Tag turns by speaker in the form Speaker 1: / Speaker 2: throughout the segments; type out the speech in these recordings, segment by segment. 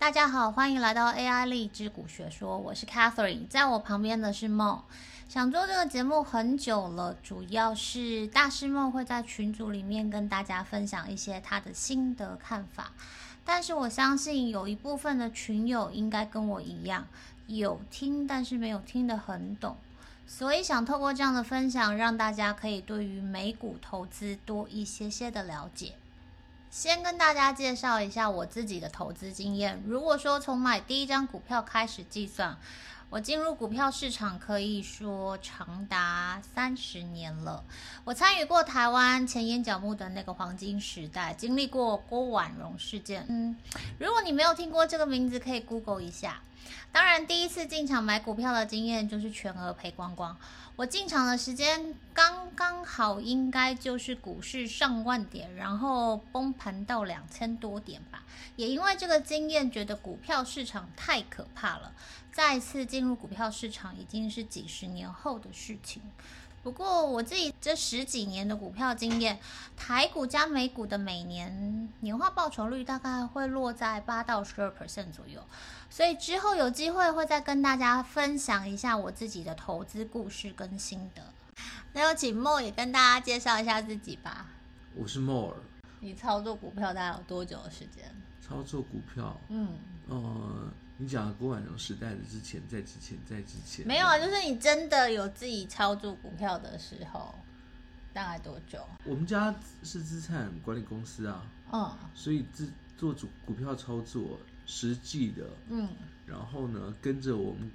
Speaker 1: 大家好，歡迎來到 AI 荔枝股學說，我是 Catherine，在我旁邊的是夢。想做這個節目很久了，主要是大師夢會在群組裡面跟大家分享一些他的心得看法。但是我相信有一部分的群友應該跟我一樣，有聽但是沒有聽得很懂，所以想透過這樣的分享，讓大家可以對於美股投資多一些些的了解。先跟大家介紹一下我自己的投資經驗。如果說從買第一張股票開始計算，我進入股票市場可以說長達三十年了。我參與過台灣錢淹腳目的那個黃金時代，經歷過郭婉容事件。嗯，如果你沒有聽過這個名字，可以 Google 一下。當然，第一次進場買股票的經驗就是全額賠光光。我進場的時間剛剛好，應該就是股市上萬點，然後崩盤到兩千多點吧。也因為這個經驗，覺得股票市場太可怕了。再次進入股票市場，已經是幾十年後的事情。不過我自己這十幾年的股票經驗，台股加美股的每年年化報酬率大概會落在八到十二 percent 左右，所以之後有機會會再跟大家分享一下我自己的投資故事跟心得。那有請莫也跟大家介紹一下自己吧。
Speaker 2: 我是莫爾。
Speaker 1: 你操作股票大概有多久的時間？
Speaker 2: 操作股票，嗯，uh 你講郭婉蓉時代的之前，在之前，在之前，沒
Speaker 1: 有啊，就是你真的有自己操作股票的時候，大概多久？
Speaker 2: 我們家是資產管理公司啊，嗯，所以自做主股票操作實際的，嗯，然後呢，跟着我們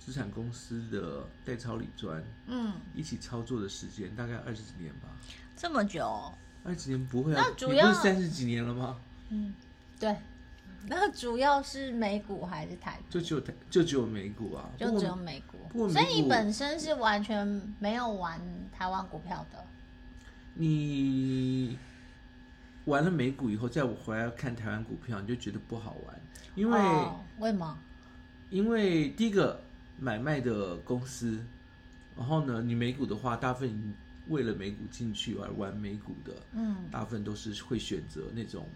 Speaker 2: 資產公司的代操理專，
Speaker 1: 嗯，
Speaker 2: 一起操作的時間大概二十幾年吧。
Speaker 1: 這麼久？
Speaker 2: 二十幾年不會啊，那主要你不是三十幾年了嗎？嗯，
Speaker 1: 對。那主要是美股還是台股？
Speaker 2: 就只有台，就只有美股啊，就只有
Speaker 1: 美股。不過，所以你本身是完全沒有玩台灣股票的。
Speaker 2: 你玩了美股以後，再我回來看台灣股票，你就覺得不好玩，因為、哦、為什麼？因為第一個買賣的公司，然後呢，你美股的話，大部分為了美股進去而玩，玩美股的，嗯，大部分都是會選擇那種。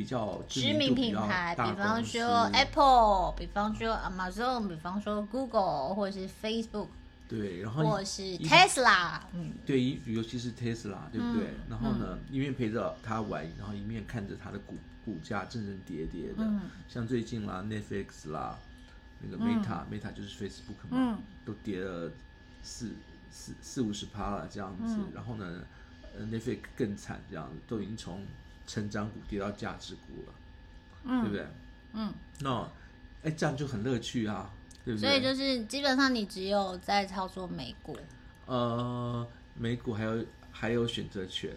Speaker 2: 比較,知名,比較
Speaker 1: 知名品牌，比方說 Apple，比方說 Amazon，比方說 Google，或者是 Facebook，
Speaker 2: 對，然後或是 Tesla，
Speaker 1: 嗯，
Speaker 2: 對，尤尤其是 Tesla，對不對？嗯、然後呢，嗯、一面陪着他玩，然後一面看着它的股股價漲漲跌跌的，嗯、像最近啦，Netflix 啦，那個 Meta，Meta、嗯、Meta 就是 Facebook 嘛，嗯、都跌了四四四五十趴了這樣子，嗯、然後呢，呃，Netflix 更慘，這樣都已經從成長股跌到價值股了，嗯、對不對？嗯，那哎、no，這樣就很樂趣啊，對不對？所以就
Speaker 1: 是基本上你只有在操作美股，
Speaker 2: 呃，美股還有還有選擇權，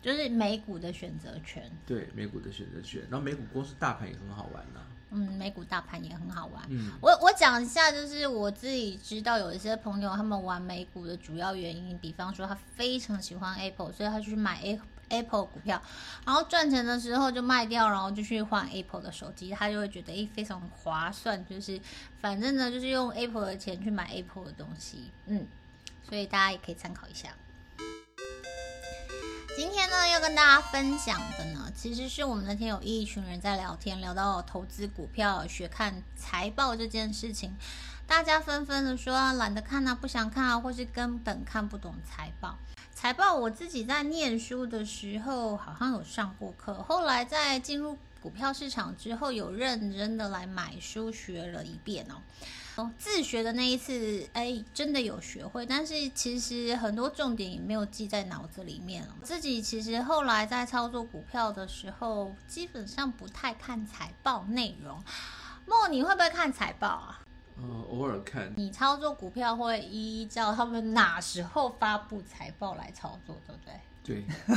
Speaker 1: 就是美股的選擇權，
Speaker 2: 對，美股的選擇權。然後美股公司大盤也很好玩吶、啊，嗯，
Speaker 1: 美股大盤也很好玩。嗯、我我講一下，就是我自己知道有一些朋友他們玩美股的主要原因，比方說他非常喜歡 Apple，所以他去買 Apple。Apple 股票，然後賺錢的時候就賣掉，然後就去換 Apple 的手機，他就會覺得哎，非常划算，就是反正呢就是用 Apple 的錢去買 Apple 的東西，嗯，所以大家也可以參考一下。今天呢要跟大家分享的呢，其實是我們那天有一群人在聊天，聊到投資股票、學看財報這件事情，大家紛紛的說啊，懶得看啊，不想看啊，或是根本看不懂財報。財報，我自己在念書的時候好像有上過課，後來在進入股票市場之後，有認真的來買書學了一遍哦。哦，自學的那一次，哎，真的有學會，但是其實很多重點也沒有記在腦子裡面哦。自己其實後來在操作股票的時候，基本上不太看財報內容。莫，你會不會看財報啊？
Speaker 2: 呃，偶爾看。你
Speaker 1: 操作股票會依照他們哪時候发佈財報來操作，對不對？
Speaker 2: 對，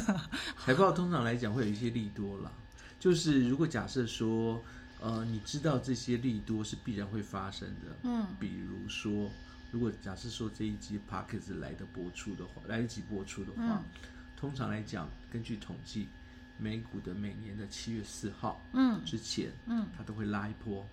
Speaker 2: 財報通常來講會有一些利多啦，就是如果假設說，呃，你知道這些利多是必然會發生的，嗯，比如說，如果假設說這一集 podcast 來的播出的話，來得及播出的話，嗯，通常來講，根據統計，美股的每年的七月四號，嗯，嗯，之前，嗯，它都會拉一波。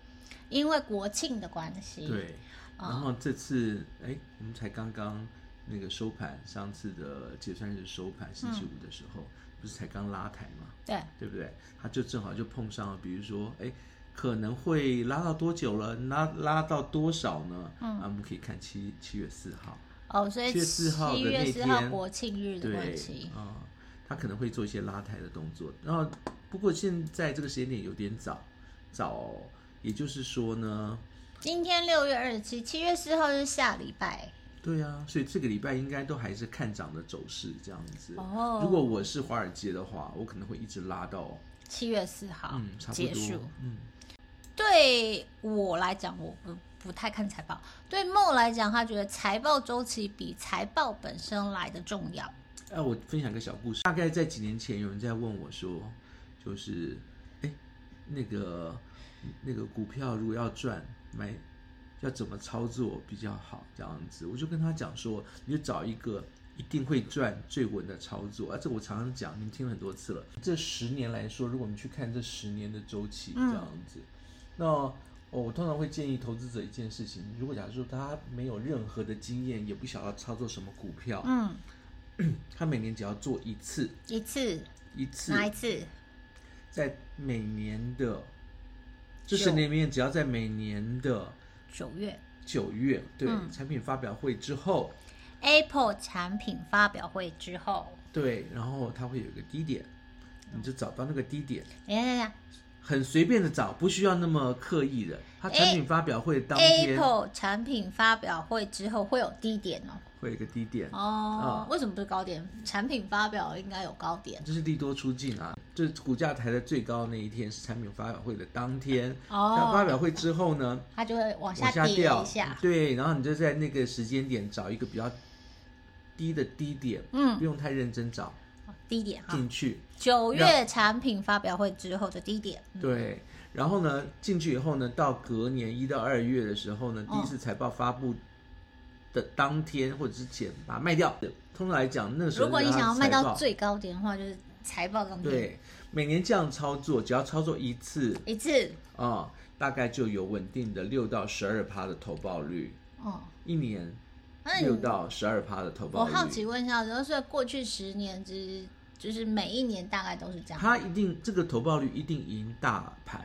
Speaker 1: 因為國慶的關係，對，哦、然後
Speaker 2: 這次哎，我們才剛剛那個收盤，上次的結算日收盤，星期五的時候，嗯、不是才剛拉抬嗎？對，對不對？它就正好就碰上了，比如說哎，可能會拉到多久了？拉拉到多少呢？嗯、啊，我們可以看七七月四號，
Speaker 1: 哦，所以七月四號的那天，七月四號國慶日的關係，對，
Speaker 2: 嗯，它可能會做一些拉抬的動作。然後不過現在這個時間點有點早，早。也就是說呢，
Speaker 1: 今天六月二十七，七月四號是下禮拜。
Speaker 2: 對啊，所以這個禮拜應該都還是看漲的走勢這樣子。哦，如果我是華爾街的話，我可能會一直拉到
Speaker 1: 七月四號結束。嗯，對我來講，我不，不太看財報。對夢來講，他覺得財報週期比財報本身來的重要。
Speaker 2: 哎，我分享個小故事。大概在幾年前，有人在問我說，就是哎，那個。那個股票如果要賺，買要怎麼操作比較好？這樣子，我就跟他講說，你就找一個一定會賺、最穩的操作。啊，這我常常講，你聽了很多次了。這十年來說，如果我們去看這十年的週期，這樣子，嗯、那、哦、我通常會建議投資者一件事情，如果假設他沒有任何的經驗，也不曉得操作什麼股票，嗯，他每年只要做一次，一次，一次，哪一次？在每年的。這十年裡面只要在每年的九月，九、嗯、月對、嗯、產品發表會之後
Speaker 1: ，Apple 產品發表會之後，
Speaker 2: 對，然後它會有一個低點，嗯、你就找到那個低點。Yeah, yeah, yeah. 很隨便的找，不需要那麼刻意的。它產品發表會的當天，欸，Apple
Speaker 1: 產品發表會之後會有低點哦，
Speaker 2: 會有一個低點哦。哦，為
Speaker 1: 什麼不是高點？產品發表應該有高點。
Speaker 2: 這是利多出盡啊，就是股價抬得最高的那一天是產品發表會的當天。哦。它發表會之後呢，
Speaker 1: 它就會往下掉一下，下
Speaker 2: 掉。對，然後你就在那個時間點找一個比較低的低點，嗯，不用太認真找。低點哈，進去，
Speaker 1: 九月產品發表會之後的低點，
Speaker 2: 對。然後呢，進去以後呢，到隔年一到二月的時候呢，第一次財報發布的當天或者之前把它賣掉。通常來講，那時候如果你想要賣到最
Speaker 1: 高點的話，就是財報當天。對，
Speaker 2: 每年這樣操作，只要操作一次，一次啊，大概就有穩定的六到十二趴的投報率。哦，一年六到十二趴的投報率。我好奇
Speaker 1: 問一下，就是過去十年之。就是每一年大概都是
Speaker 2: 這樣的。他一定，這個投報率一定贏大盤，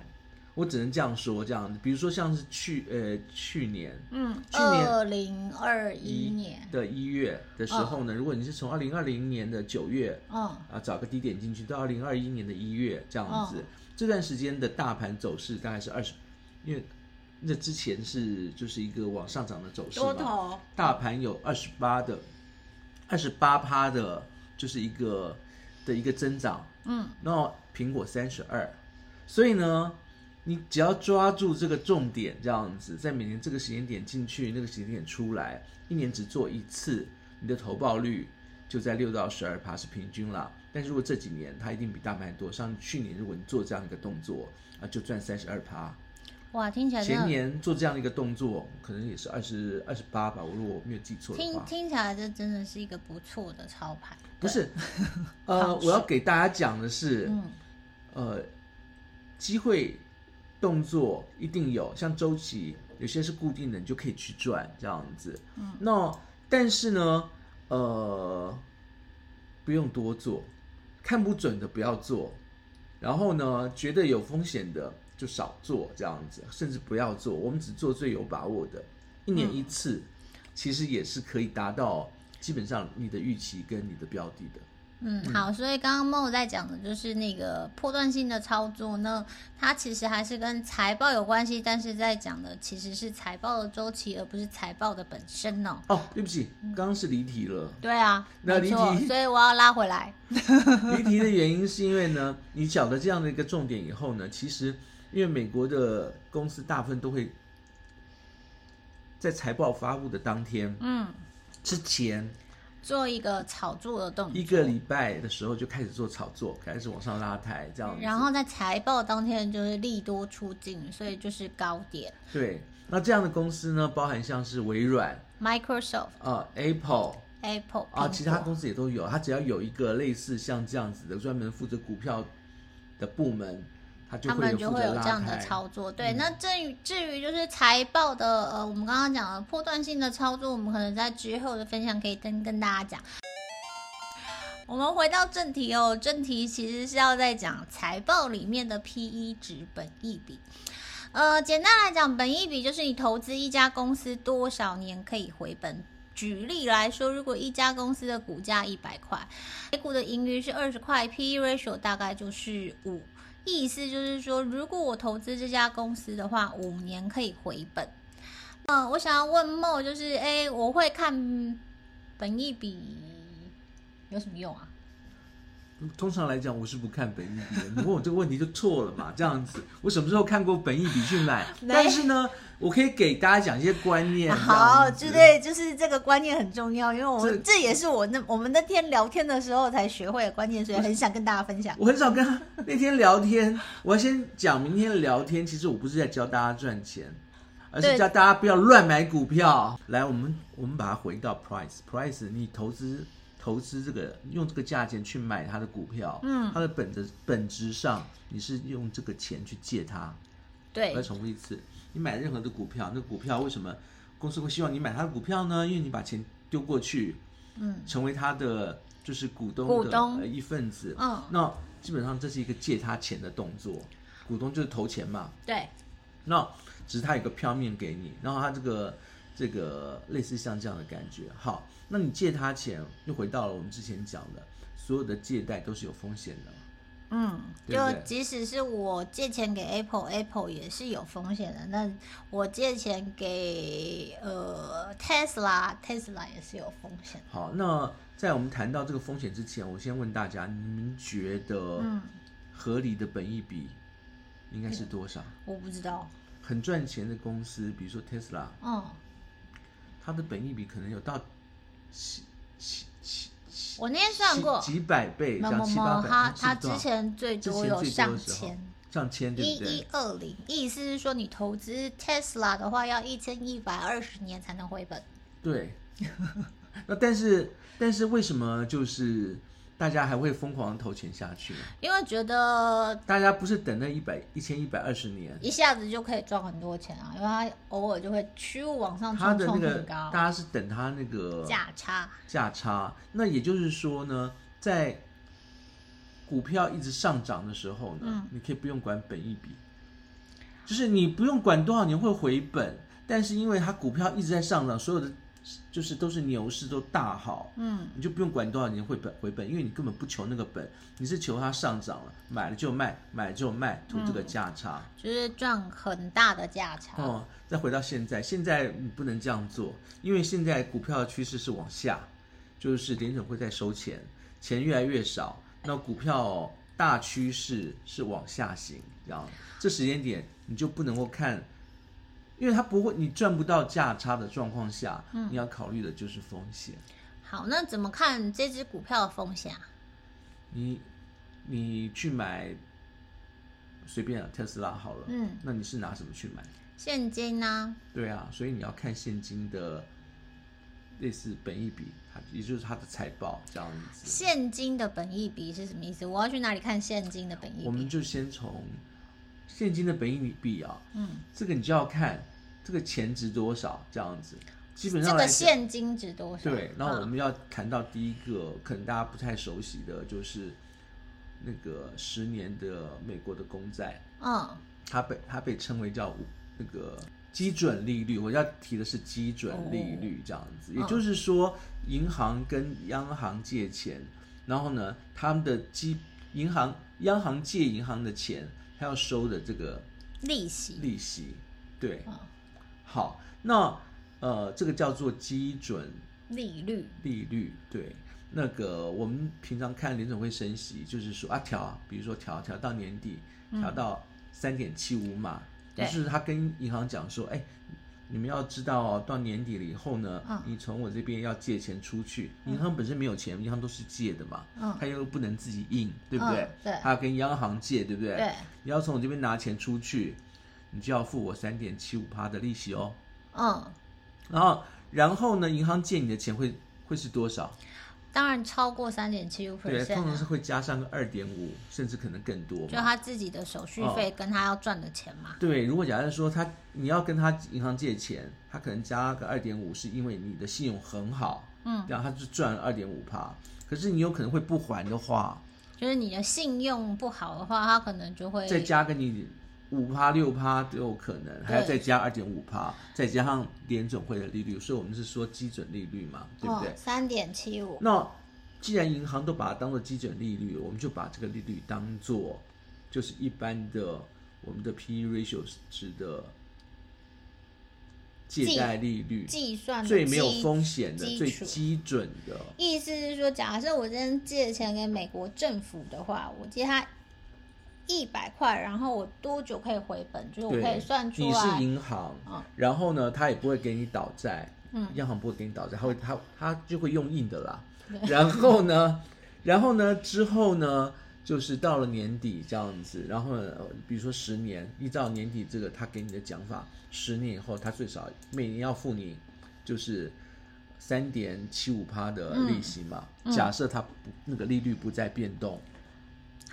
Speaker 2: 我只能這樣說這樣子。比如說像是去呃去年，嗯，去年
Speaker 1: 二零二一年
Speaker 2: 的一月的時候呢，oh. 如果你是從二零二零年的九月，oh. 啊找個低點進去到二零二一年的一月這樣子，oh. 這段時間的大盤走勢大概是二十，因為那之前是就是一個往上漲的走勢嘛，多頭。大盤有二十八的二十八趴的，oh. 的就是一個。的一個增長，嗯，然後蘋果三十二，所以呢，你只要抓住這個重點，這樣子在每年這個時間點進去，那個時間點出來，一年只做一次，你的投報率就在六到十二趴是平均了。但是如果這幾年它一定比大盤多，像去年如果你做這樣一個動作啊，就賺三十二趴。
Speaker 1: 哇，聽起來前年
Speaker 2: 做這樣的一個動作，嗯、可能也是二十二十八吧。我如果沒有記錯的話，聽
Speaker 1: 聽起來這真的是一個不錯的操盤。
Speaker 2: 不是，呵呵好呃，我要給大家講的是，嗯、呃，機會動作一定有，像週期有些是固定的，你就可以去賺這樣子。嗯，那但是呢，呃，不用多做，看不準的不要做，然後呢，覺得有風險的，就少做這樣子，甚至不要做。我們只做最有把握的，一年一次，嗯、其實也是可以達到基本上你的預期跟你的標的的。嗯，
Speaker 1: 嗯，好。所以剛剛夢在講的就是那個波段性的操作，那它其實還是跟財報有關係，但是在講的其實是財報的周期，而不是財報的本身哦。
Speaker 2: 哦，對不起，剛剛是離題了，嗯。
Speaker 1: 對啊，那離題，所以我要拉回來。
Speaker 2: 離題的原因是因為呢，你講了這樣的一個重點以後呢，其實。因為美國的公司大部分都會在財報發布的當天，嗯，之前
Speaker 1: 做一個炒作的動作，一個禮
Speaker 2: 拜的時候就開始做炒作，開始往上拉抬這樣子。然
Speaker 1: 後在財報當天就是利多出盡，所以就是高點。
Speaker 2: 對，那這樣的公司呢，包含像是微軟、
Speaker 1: Microsoft，
Speaker 2: 呃，Apple、
Speaker 1: Apple 啊，其他公
Speaker 2: 司也都有。它只要有一個類似像這樣子的專門負責股票的部門，他們，他們就會有這樣的操
Speaker 1: 作。嗯、對，那至於至於就是財報的呃，我們剛剛講的波段性的操作，我們可能在之後的分享可以跟跟大家講。 我們回到正題哦，正題其實是要再講財報裡面的 P E 值、本益比。呃，簡單來講，本益比就是你投資一家公司多少年可以回本。舉例來說，如果一家公司的股價一百塊，每股的盈餘是二十塊，P E ratio 大概就是五。意思就是說，如果我投資這家公司的話，五年可以回本。嗯、呃，我想要問茂，就是哎、欸，我會看本益比有什麼用啊？
Speaker 2: 通常來講，我是不看本益比。你問我這個問題就錯了嘛？這樣子，我什麼時候看過本益比去買？沒但是呢，我可以給大家講一些觀念。好，
Speaker 1: 對對，就是這個觀念很重要，因為我們是這也是我那我們那天聊天的時候才學會的觀念，所以很想跟大家分享。我,我很少
Speaker 2: 跟他那天聊天，我要先講明天的聊天。其實我不是在教大家賺錢，而是教大家不要亂買股票。對嗯、來，我們我們把它回到 price 對 price，你投資。投資這個用這個價錢去買他的股票，嗯，它的本質本質上你是用這個錢去借他，
Speaker 1: 對，我再
Speaker 2: 重複一次，你買任何的股票，嗯、那個股票為什麼公司會希望你買他的股票呢？因為你把錢丟過去，嗯，成為他的就是股東的股東、呃、一份子，嗯，那基本上這是一個借他錢的動作，股東就是投錢嘛，對，那只是他有個票面給你，然後他這個。這個類似像這樣的感覺，好，那你借他錢，又回到了我們之前講的，所有的借貸都是有風險的。
Speaker 1: 嗯，對對就即使是我借錢給 Apple，Apple 也是有風險的。那我借錢給呃 Tesla，Tesla Tesla 也是有風險
Speaker 2: 的。好，那在我們談到這個風險之前，我先問大家，你們覺得合理的本益比應該是多少？嗯這個、我不知道。很賺錢的公司，比如說 Tesla，嗯、哦。它的本益比可能有到七七七七，
Speaker 1: 我那天算過幾
Speaker 2: 百倍，七八百。它它之前
Speaker 1: 最多有上千，
Speaker 2: 上千對不對？一一
Speaker 1: 二零，意思是說你投資 Tesla 的話，要一千一百二十年才能回本。
Speaker 2: 對。那但是但是為什麼就是？大家還會瘋狂投錢下去，因為覺得大家不是等那一百、一千、一百二十年，一
Speaker 1: 下子就可以賺很多錢啊！因為他偶爾就會趨入往上衝，衝高。他的那個大
Speaker 2: 家是等他那個價差價差。那也就是說呢，在股票一直上漲的時候呢，嗯、你可以不用管本益比，就是你不用管多少年會回本，但是因為它股票一直在上漲，所有的。就是都是牛市都大好，嗯，你就不用管你多少年回本回本，因為你根本不求那個本，你是求它上漲了，買了就賣，買了就賣，圖這個價差，嗯，就
Speaker 1: 是賺很大的價差。哦，
Speaker 2: 再回到現在，現在你不能這樣做，因為現在股票的趨勢是往下，就是聯準會在收錢，錢越來越少，那股票大趨勢是往下行，這樣，這時間點你就不能夠看。因為它不會，你賺不到價差的狀況下，嗯，你要考慮的就是風險。
Speaker 1: 好，那怎麼看這支股票的風險啊？
Speaker 2: 你，你去買隨便啊，特斯拉好了，嗯，那你是拿什麼去買？
Speaker 1: 現金呢，啊？
Speaker 2: 對啊，所以你要看現金的類似本益比，也就是它的財報這樣子。
Speaker 1: 現金的本益比是什麼意思？我要去哪裡看現金的本益？我
Speaker 2: 們就先從。現金的本益比啊，嗯，這個你就要看這個錢值多少，這樣子，基本上這個現
Speaker 1: 金值多少？對，哦、那我們
Speaker 2: 要談到第一個，可能大家不太熟悉的就是那個十年的美國的公債，嗯、哦，它被它被稱為叫那、這個基準利率。我要提的是基準利率，哦、這樣子，也就是說，銀行跟央行借錢，哦、然後呢，他們的基、銀行、央行借銀行的錢。要收的這個利息，利息，對，哦、好，那呃，這個叫做基準利率，利率，對，那個我們平常看聯準會升息，就是說啊調，比如說調調到年底，調、嗯、到三點七五嘛，對就是他跟銀行講說，哎、欸。你們要知道、哦，到年底了以後呢，你從我這邊要借錢出去，銀、嗯、行本身沒有錢，銀行都是借的嘛，他、嗯、又不能自己印，對不對？嗯、對，他要跟央行借，對不對？對，你要從我這邊拿錢出去，你就要付我三點七五趴的利息哦。嗯，
Speaker 1: 然
Speaker 2: 後，然後呢，銀行借你的錢會會是多少？
Speaker 1: 當然超過三點七五 percent，可能是
Speaker 2: 會加上個二點五，甚至可能更多。就他
Speaker 1: 自己的手續費跟他要賺的錢嘛。哦、對，
Speaker 2: 如果假設說他你要跟他銀行借錢，他可能加個二點五，是因為你的信用很好，嗯，然後他就賺二點五趴。可是你有可能會不還的話，
Speaker 1: 就是你的信用不好的話，他可能就會再加
Speaker 2: 個你。五趴六趴都有可能，還要再加二點五趴，對再加上聯準會的利率，所以我們是說基準利率嘛，對不對？哦，
Speaker 1: 三點七五。那
Speaker 2: 既然銀行都把它當做基準利率，我們就把這個利率當做就是一般的我們的 P/E ratios 值的借貸利率計算的最沒有風險的基最基準的。
Speaker 1: 意思是說，假設我今天借錢給美國政府的話，我借他。一百塊，然後我多久可以回本？就是我可以算出來。你是銀
Speaker 2: 行，哦、然後呢，他也不會給你倒債，嗯，央行不會給你倒債，他會他他就會用印的啦。
Speaker 1: 對然後
Speaker 2: 呢，然後呢之後呢，就是到了年底這樣子，然後呢、呃，比如說十年，依照年底這個他給你的講法，十年以後他最少每年要付你就是三點七五趴的利息嘛。嗯、假設他不那個利率不再變動。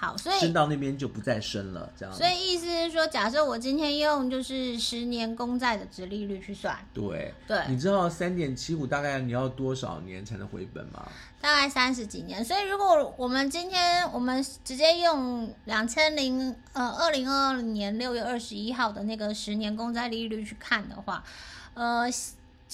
Speaker 1: 好，所以升到
Speaker 2: 那邊就不再升了，這樣。所以
Speaker 1: 意思是說，假設我今天用就是十年公債的殖利率去算，
Speaker 2: 對對。對你知道三點七五大概你要多少年才能回本嗎？
Speaker 1: 大概三十幾年。所以如果我們今天我們直接用兩千零呃二零二二年六月二十一號的那個十年公債利率去看的話，呃。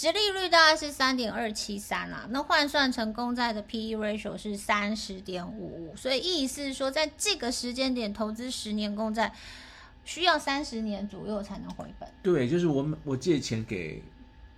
Speaker 1: 殖利率大概是三點二七三啦，那換算成公債的 PE ratio 是三十點五五，所以意思是說，在這個時間點投資十年公債，需要三十年左右才能回本。
Speaker 2: 對，就是我我借錢給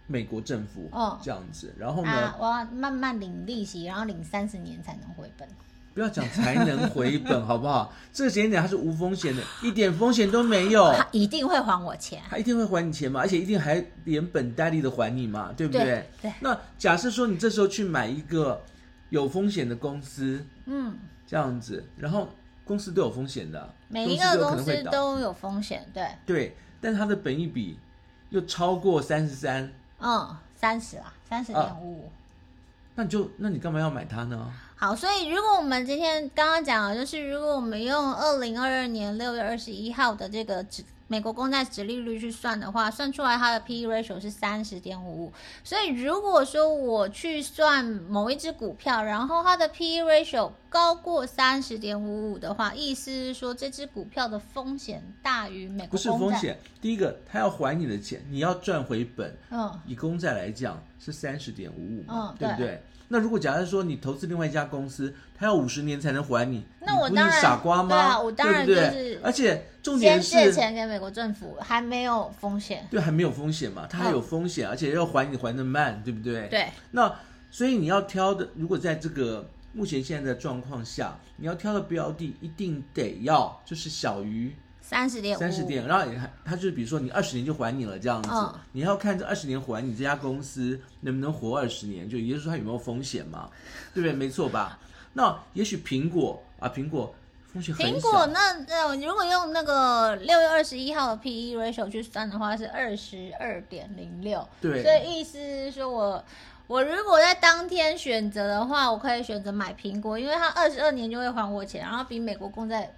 Speaker 2: 美國政府，哦，這樣子，然後呢，啊、我
Speaker 1: 要慢慢領利息，然後領三十年才能回本。
Speaker 2: 不要講才能回本， 好不好？這個時間點它是無風險的， 一點風險都沒有，他一定
Speaker 1: 會還我錢，
Speaker 2: 他一定會還你錢嘛，而且一定還連本帶利的還你嘛，對不對？對。對那假設說你這時候去買一個有風險的公司，嗯，這樣子，然後公司都有風險的，每一個公司都有，都
Speaker 1: 有風險，對。
Speaker 2: 對，但它的本益比又超過三十三，嗯，
Speaker 1: 三十啦，三十點五。啊
Speaker 2: 那你就那你幹嘛要買它呢？
Speaker 1: 好，所以如果我們今天剛剛講了，就是如果我們用二零二二年六月二十一號的這個美國公債殖利率去算的話，算出來它的 P E ratio 是三十點五五。所以如果說我去算某一隻股票，然後它的 P E ratio 高過三十點五五的話，意思是說這隻股票的風險大於美國公債。不是風險，
Speaker 2: 第一個他要還你的錢，你要賺回本。嗯、哦，以公債來講是三十點五五嘛，對不對？那如果假設說你投資另外一家公司，他要五十年才能還你，那我當然你你傻瓜嗎？對啊，當然對不對？而且重點是先借錢
Speaker 1: 給美國政府還沒有風險，對，還
Speaker 2: 沒有風險嘛，它還有風險，哦、而且要還你還得慢，對不對？對，那所以你要挑的，如果在這個目前現在的狀況下，你要挑的標的一定得要就是小於。
Speaker 1: 三十點，三十點，
Speaker 2: 然後你看，他就比如說你二十年就還你了這樣子，哦、你要看這二十年還你這家公司能不能活二十年，就也就是說它有沒有風險嘛，對不對？沒錯吧？ 那也許蘋果啊，蘋果風險
Speaker 1: 很小。蘋果那那、呃、如果用那個六月二十一號的 P E ratio 去算的話是二十二點零六，對，所以意思是說我我如果在當天選擇的話，我可以選擇買蘋果，因為它二十二年就會還我錢，然後比美國公債。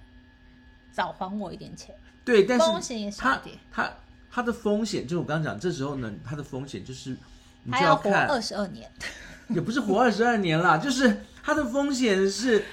Speaker 1: 早還我一點錢，
Speaker 2: 對，但是他風險
Speaker 1: 也少一點
Speaker 2: 他他,他的風險，就是我剛剛講，這時候呢，他的風險就是，你就要看還要活二十二年， 也不是活二十二年啦，就是他的風險是，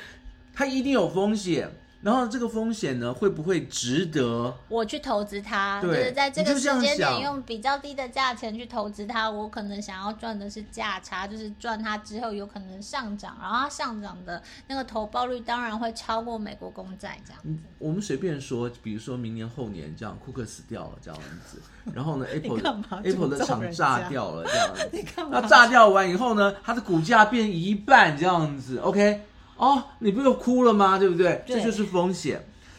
Speaker 2: 他一定有風險。然後這個風險呢，會不會值得
Speaker 1: 我去投資它？對就是，在這個時間點用比較低的價錢去投資它，我可能想要賺的是價差，就是賺它之後有可能上漲，然後它上漲的那個投報率當然會超過美國公債這
Speaker 2: 樣子。我們隨便說，比如說明年後年這樣，庫克死掉了這樣子，然後呢，Apple Apple 的廠炸掉了這樣子，那 幹嘛 炸掉完以後呢，它的股價變一半這樣子，OK。哦，你不就哭了嗎？對不對？對，這就是風險，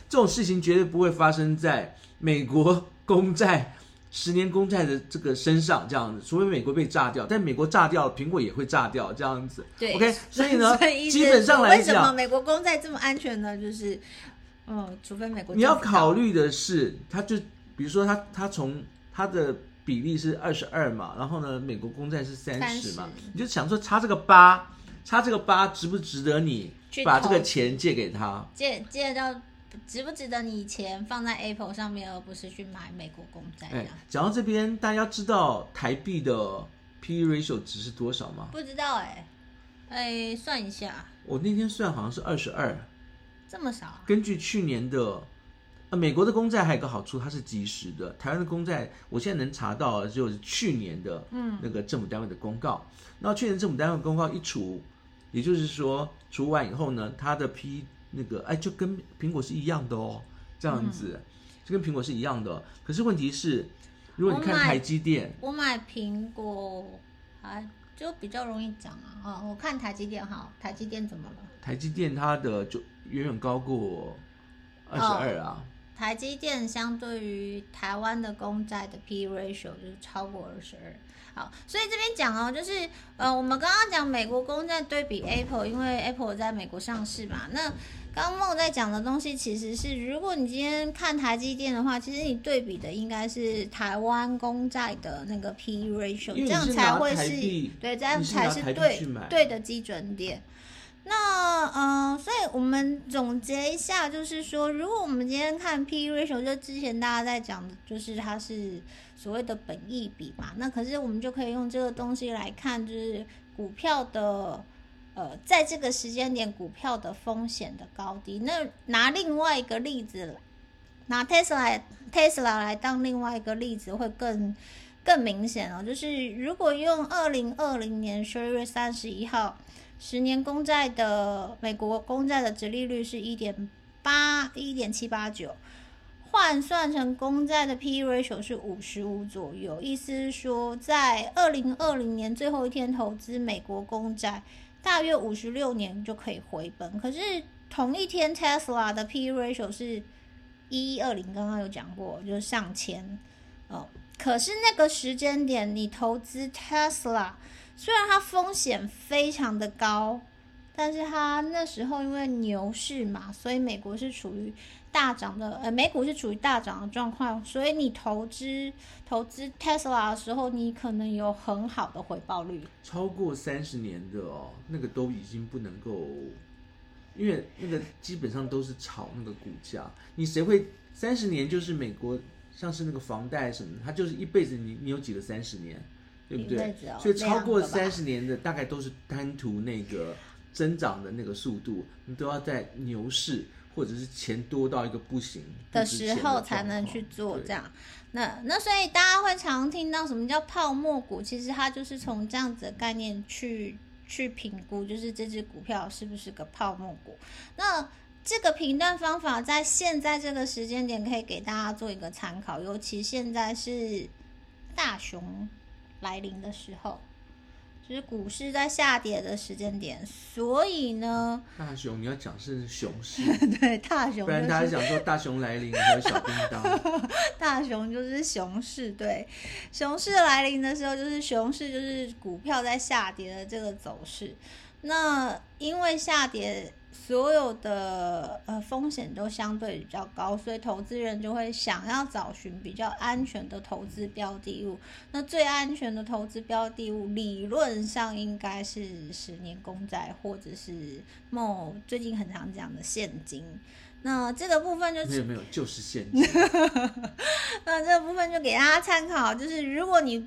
Speaker 2: 這種事情絕對不會發生在美國公債十年公債的這個身上，這樣子，除非美國被炸掉。但美國炸掉了，蘋果也會炸掉，這樣子。對，OK，所以呢，以基本上來講，為什麼美國公債這麼安全呢？就
Speaker 1: 是，嗯，除非美國你要考慮
Speaker 2: 的是，它就比如說它它從它的比例是二十二嘛，然後呢，美國公債是三十嘛，你就想說差這個八。他這個八值不值得你把這個錢借給他？
Speaker 1: 借借到值不值得你錢放在 Apple 上面，而不是去買美國公債呀？
Speaker 2: 欸、講到這邊，大家知道台幣的 PE ratio 值是多少嗎？
Speaker 1: 不知道哎、欸，哎、欸，算一下，
Speaker 2: 我那天算好像是二十二，
Speaker 1: 這麼少？
Speaker 2: 根據去年的。美國的公債還有一個好處，它是即時的。台灣的公債，我現在能查到，就是去年的，嗯，那個政府單位的公告。嗯、然後去年政府單位公告一除，也就是說除完以後呢，它的 P 那個，哎，就跟蘋果是一樣的哦，這樣子，嗯、就跟蘋果是一樣的。可是問題是，
Speaker 1: 如果你看台積電，我買，我買蘋果，啊，就比較容易漲啊。啊、哦，我看台積電好，台積電怎麼
Speaker 2: 了？台積電它的就遠遠高過二十二啊。哦
Speaker 1: 台積電相對於台灣的公債的 PE ratio 就是超過二十二。好，所以這邊講哦，就是呃，我們剛剛講美國公債對比 Apple，因為 Apple 在美國上市嘛。那剛剛夢在講的東西，其實是如果你今天看台積電的話，其實你對比的應該是台灣公債的那個 PE ratio，這樣才會是，是對，這樣才是對是對的基準點。那呃，所以我們總結一下，就是說，如果我們今天看 PE ratio，就之前大家在講的，就是它是所謂的本益比嘛。那可是我們就可以用這個東西來看，就是股票的呃，在這個時間點股票的風險的高低。那拿另外一個例子，拿 Tesla Tesla 來當另外一個例子會更更明顯哦。就是如果用二零二零年十二月三十一號。十年公債的美國公債的殖利率是一點八一點七八九，換算成公債的 PE ratio 是五十五左右，意思是說，在二零二零年最後一天投資美國公債，大約五十六年就可以回本。可是同一天 Tesla 的 PE ratio 是一一二零，剛剛有講過，就是上千哦。可是那個時間點，你投資特斯拉，雖然它風險非常的高，但是它那時候因為牛市嘛，所以美國是處於大漲的，呃，美股是處於大漲的狀況，所以你投資，投資特斯拉的時候，你可能有很好的回報率。
Speaker 2: 超過三十年的哦，那個都已經不能夠，因為那個基本上都是炒那個股價，你誰會，三十年就是美國？像是那個房貸什麼，它就是一輩子你，你你有幾個三十年，對不對？所以超過三十年的大概都是貪圖那個增長的那個速度，你都要在牛市或者是錢多到一個不行不的，的時候才能
Speaker 1: 去做這樣。對那那所以大家會常聽到什麼叫泡沫股，其實它就是從這樣子的概念去去評估，就是這隻股票是不是個泡沫股。那。這個評斷方法在現在這個時間點可以給大家做一個參考，尤其現在是大熊來臨的時候，就是股市在下跌的時間點。所以呢，
Speaker 2: 大熊你要講是熊市，
Speaker 1: 對大熊、就是，不然他想說
Speaker 2: 大熊來臨和小叮噹，
Speaker 1: 大熊就是熊市，對熊市來臨的時候就是熊市，就是股票在下跌的這個走勢。那因為下跌。所有的呃、風險都相對比較高，所以投資人就會想要找尋比較安全的投資標的物。那最安全的投資標的物，理論上應該是十年公債或者是某最近很常講的現金。那這個部分就是、沒有沒
Speaker 2: 有就是現
Speaker 1: 金。 那這個部分就給大家參考，就是如果你。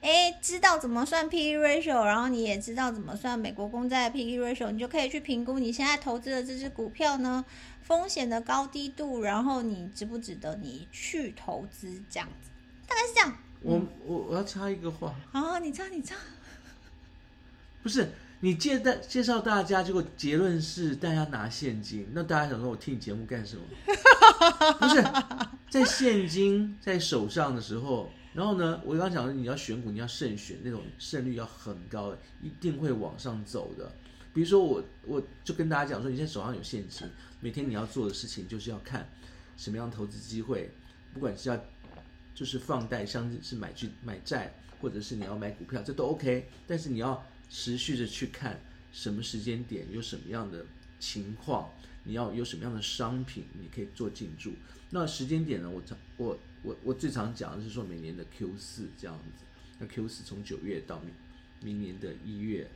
Speaker 1: 哎，知道怎麼算 PE ratio，然後你也知道怎麼算美國公債的 PE ratio，你就可以去評估你現在投資的這支股票呢，風險的高低度，然後你值不值得你去投資？這樣子大概是這樣。我、
Speaker 2: 嗯、我我要插一個話。
Speaker 1: 好好、哦，你插你插。
Speaker 2: 不是你介大介紹大家，結果結論是大家拿現金，那大家想說我聽你節目幹什麼？不是在現金在手上的時候。然後呢，我剛剛講的，你要選股，你要慎選，那種勝率要很高，一定會往上走的。比如說我，我就跟大家講說，你現在手上有現金，每天你要做的事情就是要看什麼樣投資機會，不管是要就是放貸、像是買去買債，或者是你要買股票，這都 OK。但是你要持續的去看什麼時間點有什麼樣的情況，你要有什麼樣的商品你可以做進駐。那時間點呢，我我。我我最常講的是說，每年的 Q 四這樣子，那 Q 四從九月到明明年的一月，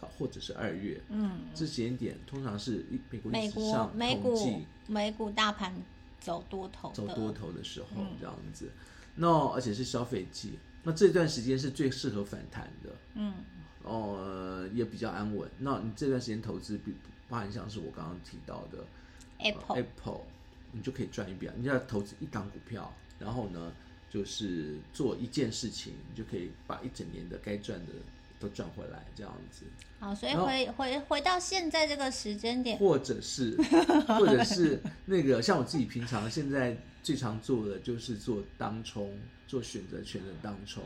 Speaker 2: 或者是二月，嗯，這時間點通常是一美，美股上計美股
Speaker 1: 美股大盤走多頭走多
Speaker 2: 頭的時候這樣子，嗯、那而且是消費季，那這段時間是最適合反彈的，
Speaker 1: 嗯，
Speaker 2: 哦、呃、也比較安穩，那你這段時間投資比包含像是我剛剛提到的 Apple、呃、Apple。你就可以賺一筆，你要投資一檔股票，然後呢，就是做一件事情，你就可以把一整年的該賺的都賺回來，這樣子。好，所以回然
Speaker 1: 後回回到現在這個時間點，或
Speaker 2: 者是或者是那個，像我自己平常現在最常做的就是做當沖，做選擇權的當沖，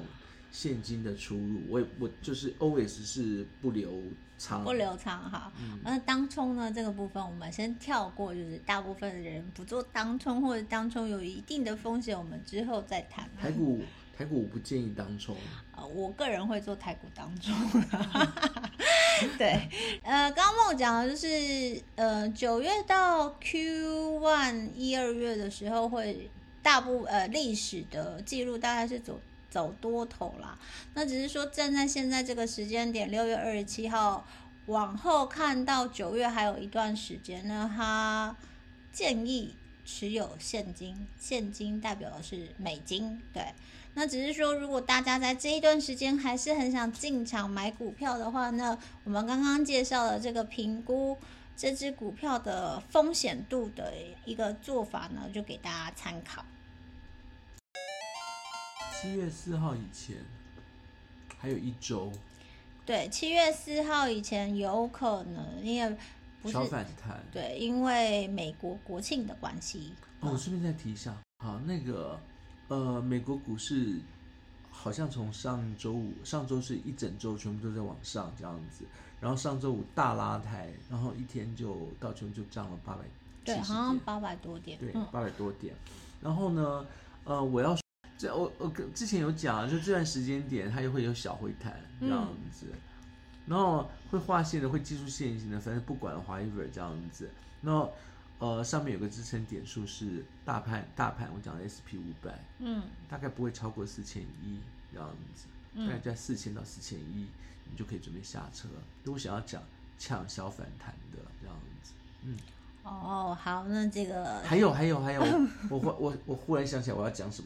Speaker 2: 現金的出入，我也我就是 always 是不留。長不流
Speaker 1: 暢哈，那、嗯、當沖呢，這個部分我們先跳過，就是大部分的人不做當沖，或者當沖有一定的風險，我們之後再談。台股
Speaker 2: 台股我不建議當沖，
Speaker 1: 呃、我個人會做台股當沖 對，剛、呃、剛我講的就是，九、呃、月到 Q one 一二月的時候，會大部分呃歷史的記錄大概是走。走多頭啦，那只是說站在現在這個時間點，六月二十七號往後看到九月還有一段時間呢，那他建議持有現金，現金代表的是美金，對。那只是說，如果大家在這一段時間還是很想進場買股票的話呢，那我們剛剛介紹了這個評估這支股票的風險度的一個做法呢，就給大家參考。
Speaker 2: 七月四號以前，還有一周。
Speaker 1: 對，七月四號以前有可能，也不是。小反彈。對，因為美國國慶的關係。
Speaker 2: 我順、哦嗯、便再提一下，好，那個，呃，美國股市好像從上周五，上周是一整周全部都在往上這樣子，然後上周五大拉抬，然後一天就到全部就漲了八百，對，好像八百多點，對，八百多點。嗯、然後呢，呃，我要。這我我跟之前有講啊，就這段時間點它又會有小回彈這，、嗯、這樣子，然後會畫線的，會技術線型的，反正不管 whatever 這樣子。那呃上面有個支撐點數是大盤大盤，我講的 SP 五百，嗯，大概不會超過四千一這樣子，嗯、大概在四千到四千一，你就可以準備下車。如果想要講搶小反彈的這樣子，嗯。
Speaker 1: 哦，oh, 好，那這個還
Speaker 2: 有還有還有，我忽我我忽然想起來我要講什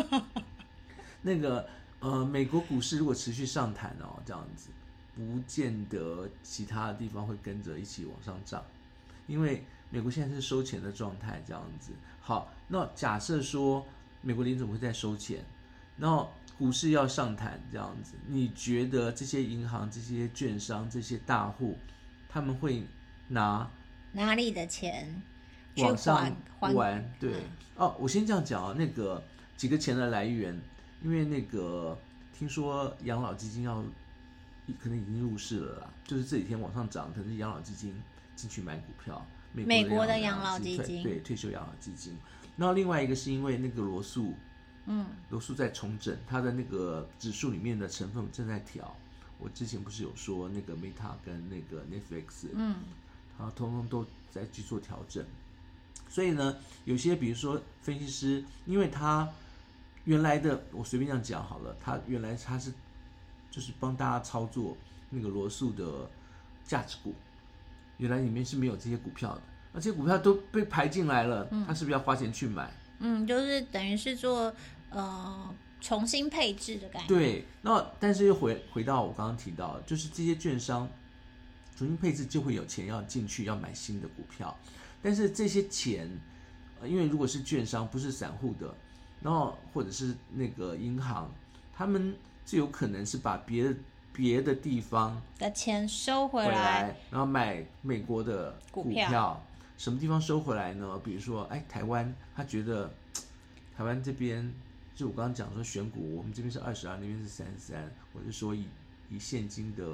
Speaker 2: 麼， 那個呃，美國股市如果持續上彈哦，這樣子不見得其他的地方會跟着一起往上漲，因為美國現在是收錢的狀態，這樣子。好，那假設說美國聯準會在收錢，那股市要上彈這樣子，你覺得這些銀行、這些券商、這些大戶，他們會拿？
Speaker 1: 哪裡的錢？
Speaker 2: 網上還換對、嗯、哦，我先這樣講啊，那個幾個錢的來源，因為那個聽說養老基金要，可能已經入市了啦。就是這幾天往上漲，可能是養老基金進去買股票。美國的養老基金對退休養老基金。那、嗯、另外一個是因為那個羅素，嗯，羅素在重整它的那個指數裡面的成分，正在調。我之前不是有說那個 Meta 跟那個 Netflix，嗯。然後通通都在去做調整，所以呢，有些比如說分析師，因為他原來的我隨便這樣講好了，他原來他是就是幫大家操作那個羅素的價值股，原來裡面是沒有這些股票的，而這些股票都被排進來了，嗯、他是不是要花錢去買？嗯，
Speaker 1: 就是等於是做呃重新配置的感覺。對，
Speaker 2: 那但是又回回到我剛剛提到，就是這些券商。重新配置就會有錢要進去要買新的股票，但是這些錢，因為如果是券商不是散戶的，然後或者是那個銀行，他們就有可能是把別的別的地方
Speaker 1: 的錢收回來，
Speaker 2: 然後買美國的股票。什麼地方收回來呢？比如說，哎，台灣他覺得台灣這邊就我剛剛講說選股，我們這邊是二十二，那邊是三十三，我就說以以現金的。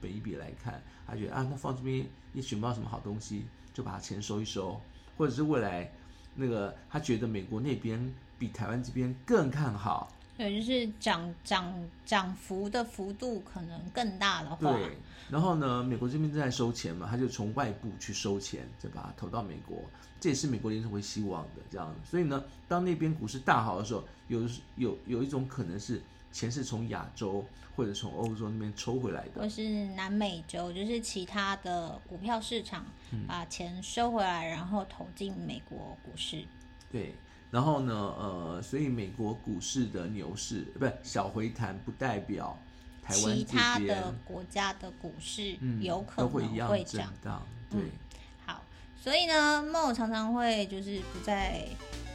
Speaker 2: 比一比來看，他覺得啊，那放這邊也選不到什麼好東西，就把錢收一收，或者是未來那個他覺得美國那邊比台灣這邊更看好，對，
Speaker 1: 就是漲漲漲幅的幅度可能更大的話，對。
Speaker 2: 然後呢，美國這邊正在收錢嘛，他就從外部去收錢，再把它投到美國，這也是美國聯準會希望的這樣。所以呢，當那邊股市大好的時候，有有有一種可能是。錢是從亞洲或者從歐洲那邊抽回來的，
Speaker 1: 或是南美洲，就是其他的股票市場把錢收回來，嗯、然後投進美國股市。
Speaker 2: 對，然後呢，呃，所以美國股市的牛市不是小回彈，不代表台灣其他的
Speaker 1: 國家的股市有可能會漲、嗯。
Speaker 2: 對、嗯，
Speaker 1: 好，所以呢，我常常會就是不在。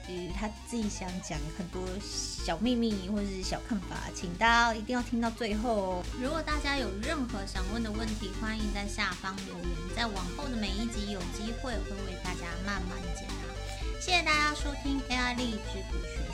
Speaker 1: 嗯，他自己想講很多小秘密或是小看法，請大家一定要聽到最後哦。如果大家有任何想問的問題，歡迎在下方留言，在往後的每一集有機會會為大家慢慢解答。謝謝大家收聽 AI 歷史股權